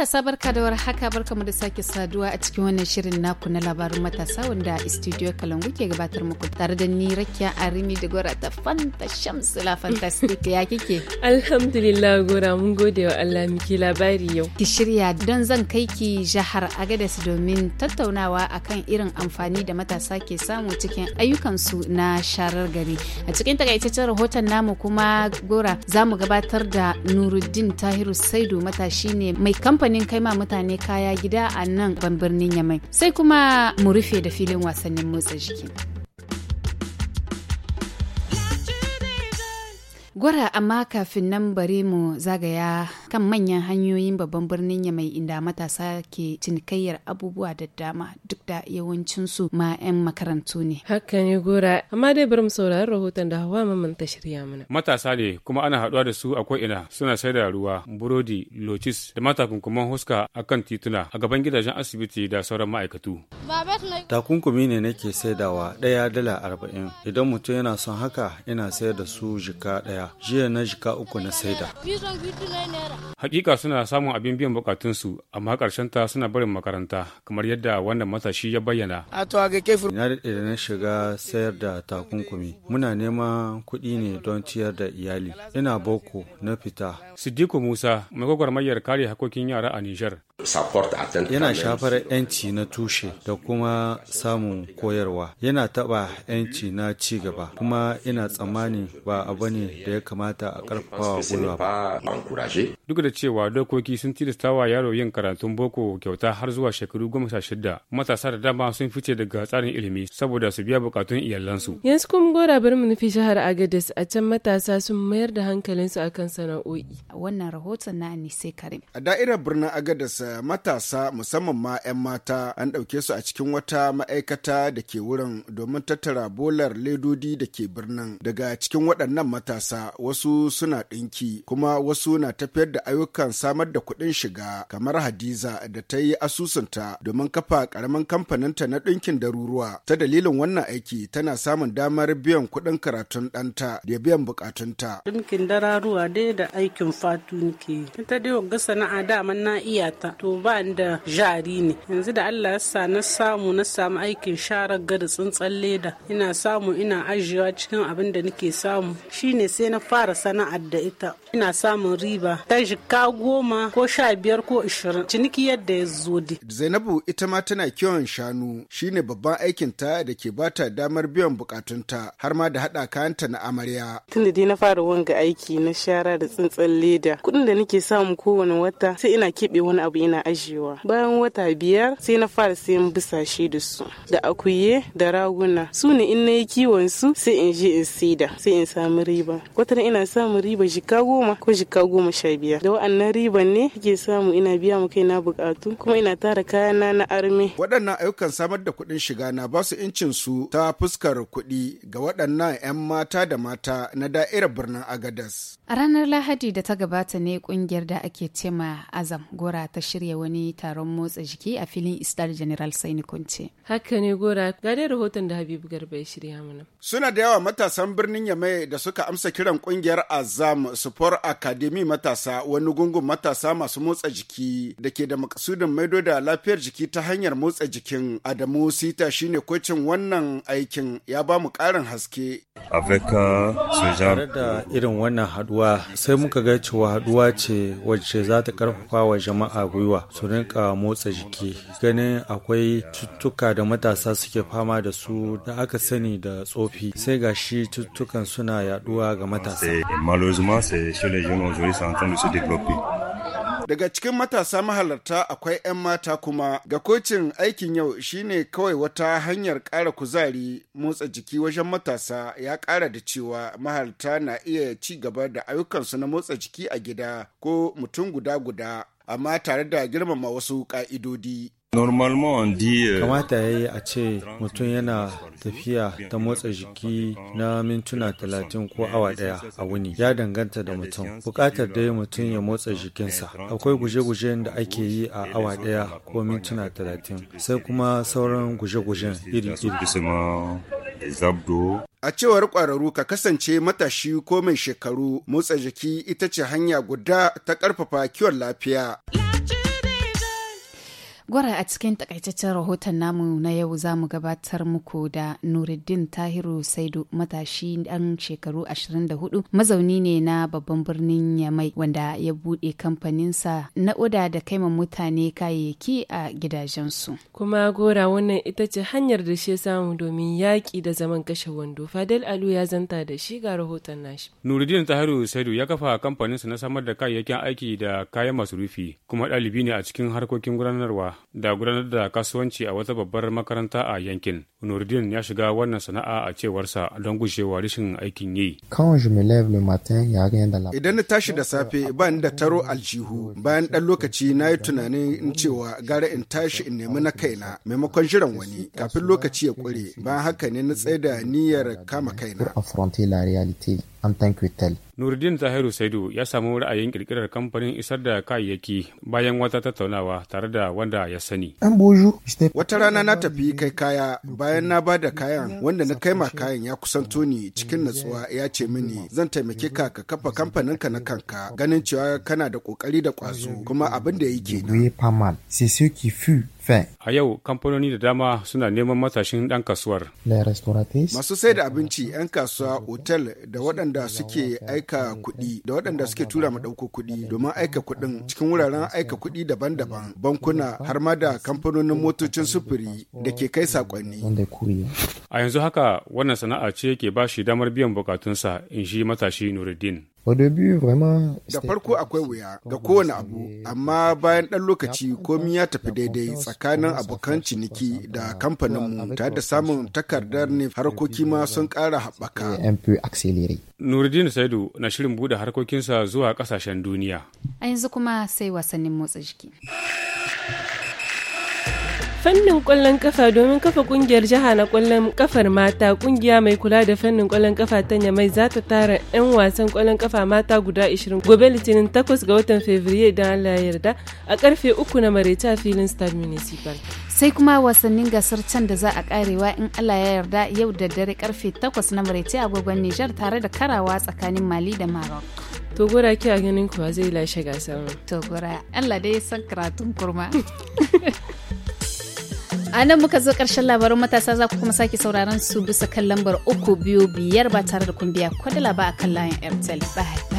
matasa barka da haka barkamu da sake saduwa a cikin wannan shirin naku na labarin matasa wanda studio kalangu ke gabatar muku tare da ni rakiya arimi da gora ta fanta la fantastic ya kike alhamdulillah gora mun gode wa allah miki labari yau ki shirya don zan kai ki jihar agadas domin tattaunawa akan irin amfani da matasa ke samu cikin ayyukansu na sharar gari a cikin takaitaccen rahoton namu kuma gora za mu gabatar da nuruddin tahiru saidu matashi ne mai kamfani kamfanin kai ma mutane kaya gida a nan ban birnin Yamai. Sai kuma mu rufe da filin wasannin motsa jiki. Gwara amma kafin nan bare mu zagaya kan manyan hanyoyin babban birnin ya mai inda matasa ke cinikayyar abubuwa da dama duk da yawancinsu ma 'yan makarantu ne. Haka ne gora, amma dai bari mu saurari rahoton da hawa mamman ta shirya mana. Matasa ne kuma ana haɗuwa da su a ina suna da ruwa, burodi, locis da matakunkuman huska a kan tituna a gaban gidajen asibiti da sauran ma'aikatu. Takunkumi ne nake saidawa ɗaya dala arba'in idan mutum yana son haka ina sayar da su jika ɗaya. jiya na jika uku na saida hakika suna samun abin biyan bukatunsu amma karshen ta suna barin makaranta kamar yadda wannan matashi ya bayyana a to ga kefu na daɗe da na shiga sayar da takunkumi muna neman kuɗi ne don ciyar da iyali ina boko na fita sidiku musa mai gwagwarmayar kare hakokin yara a nijar Yana shafar 'yanci na tushe da kuma samun koyarwa. Yana taɓa 'yanci na ci gaba kuma ina tsammani ba abu ne da ya kamata a karfafawa gwiwa ba. Duk da cewa dokoki sun tilastawa yaro yin karatun boko kyauta har zuwa shekaru goma sha shida, matasa da dama sun fice daga tsarin ilimi saboda su biya bukatun iyalansu. Yanzu kuma gora bari mu nufi jihar Agadez a can matasa sun mayar da hankalinsu akan sana'o'i. Wannan rahoton na Anise Karim. A da'irar birnin Agadez matasa musamman ma 'yan mata an ɗauke su a cikin wata ma'aikata da ke wurin domin tattara bolar ledodi da ke birnin. Daga cikin waɗannan matasa wasu suna ɗinki kuma wasu na tafiyar da ayyukan samar da kuɗin shiga kamar Hadiza da ta yi asusunta domin kafa ƙaramin kamfaninta na ɗinkin daruruwa. Ta dalilin wannan aiki tana samun damar biyan kuɗin karatun ɗanta da biyan buƙatunta. Ɗinkin dararuwa dai da aikin fatu nike. Ita dai wagga sana'a daman na iya ta to ba da jari ne yanzu da allah yasa na samu na samu aikin sharar gada tsuntsan leda ina samu ina ajiyewa cikin abin da nake samu shine sai na fara sana'ar da ita ina samun riba ta ka goma ko sha biyar ko ishirin ciniki yadda ya zo di zainabu ita ma tana kiwon shanu shine babban aikin ta da ke bata damar biyan bukatunta har ma da hada kayanta na amarya tunda dai na fara wanga aiki na shara da tsuntsan leda kuɗin da nake samu kowane wata sai ina keɓe wani abu ina na ajiyewa bayan wata biyar sai na fara sayan bisashe da su da akuye da raguna su ne in na yi kiwon su sai in je in saida sai in samu riba wata ina samun riba jika goma ko jika goma sha biyar da wa'annan riban ne ke samu ina biya mu na bukatu kuma ina tara kayana na arme waɗannan ayyukan samar da kuɗin shiga na ba su incin su ta fuskar kuɗi ga waɗannan 'yan mata da mata na da'irar birnin agadas a ranar lahadi da ta gabata ne kungiyar da ake cema azam gora ta shirya wani taron motsa jiki a filin Istar General Saini Kunce. Haka ne Gora, ga rahoton da Habibu Garba ya shirya mana. Suna da yawa matasan birnin Yamai da suka amsa kiran kungiyar Azam Sport Academy matasa wani gungun matasa masu motsa jiki da ke da makasudin maido da lafiyar jiki ta hanyar motsa jikin. Adamu Sita shine kocin wannan aikin ya ba mu ƙarin haske. Euh, Tare da irin wannan haduwa sai muka ga cewa haduwa ce wacce za ta karfafa wa jama'a gwiwa su rinka motsa jiki ganin akwai cututtuka da matasa suke fama da su da aka sani da tsofi sai ga shi cututtukan suna yaduwa ga matasa daga cikin matasa mahalarta akwai 'yan mata kuma ga kocin aikin yau shine kawai wata hanyar ƙara kuzari motsa jiki wajen matasa ya ƙara da cewa mahalarta na iya ci gaba da ayyukansu na motsa jiki a gida ko mutum guda guda amma tare da girmama wasu ka'idodi. Euh, kamata ya yi a ce mutum yana tafiya ta motsa jiki na mintuna talatin ko awa daya a wuni ya danganta da mutum bukatar dai mutum ya motsa jikinsa akwai guje-gujen da ake yi a awa daya ko mintuna talatin sai kuma sauran guje-gujen iri-iri A cewar ƙwararru ka kasance matashi ko mai shekaru motsa jiki ita ce hanya guda ta ƙarfafa kiwon lafiya. Gwara a cikin takaitaccen rahoton namu na yau za mu gabatar muku da Nuruddin Tahiru Saidu matashi dan shekaru 24 mazauni ne na babban birnin Yamai wanda ya buɗe kamfaninsa na oda da kaima mutane kayayyaki a gidajensu. Kuma gora wannan ita ce hanyar da shi samu domin yaƙi da zaman kashe wando. Fadel Alu ya zanta da shi ga rahoton nashi. Nuruddin Tahiru Saidu ya kafa kamfaninsa na samar da kayayyakin aiki da kayan rufi kuma ɗalibi ne a cikin harkokin gudanarwa da gudanar da kasuwanci a wata babbar makaranta a yankin. Nuruddin ya shiga wannan sana'a a cewarsa don gushewa rashin aikin yi. Idan na tashi da safe ba ni da taro aljihu bayan ɗan lokaci na yi tunanin in cewa gara in tashi in nemi na kaina maimakon jiran wani kafin lokaci ya ƙure bayan haka ne na tsaye da niyyar kama kaina. an tell. Nuruddin Zahiru Saidu ya samu ra'ayin kirkirar kamfanin isar da kayayyaki bayan wata tattaunawa tare da wanda ya sani. An boju. Wata rana na tafi kai kaya bayan na ba da kayan wanda na kai ma kayan ya kusanto ni cikin natsuwa ya ce mini zan taimake ka ka kafa kamfanin ka na kanka ganin cewa kana da kokari da kwazo kuma abin da yake A yau kamfanoni da dama suna neman matashin ɗan kasuwar. Masu sai da abinci 'yan kasuwa otel da waɗanda waɗanda suke aika kuɗi da waɗanda suke tura mu ɗauko kuɗi domin aika kuɗin cikin wuraren aika kuɗi daban-daban bankuna har ma da kamfanonin motocin sufuri da ke kai sakonni. A yanzu haka wannan sana'a ce ke ba shi damar biyan bukatunsa in shi matashi Nuruddin. Da farko akwai wuya ga kowane abu, amma bayan ɗan lokaci komi ya tafi daidai tsakanin abokan ciniki da kamfaninmu tare da samun takardar ne harkoki ma sun ƙara haɓaka. Nuruddin Saidu na shirin buɗe harkokinsa zuwa ƙasashen duniya. A yanzu kuma sai wasannin motsa jiki. fannin kwallon kafa domin kafa kungiyar jiha na kwallon kafar mata kungiya mai kula da fannin kwallon kafa ta nyamai za ta tara 'yan wasan kwallon kafa mata guda 20 gobe litinin 8 ga watan fevriye idan allah yarda a karfe 3 na maraita filin star municipal sai kuma wasannin gasar can da za a karewa in allah ya yarda yau da dare karfe 8 na a agogon nijar tare da karawa tsakanin mali da maroc togora ke a ganin kuwa zai lashe gasar togora allah dai san karatun kurma A nan muka zo ƙarshen labarin matasa za ku kuma sake sauraron su bisa kan lambar uku biyu biyar ba tare da kun biya kwadala ba a kan layin Airtel. Bye.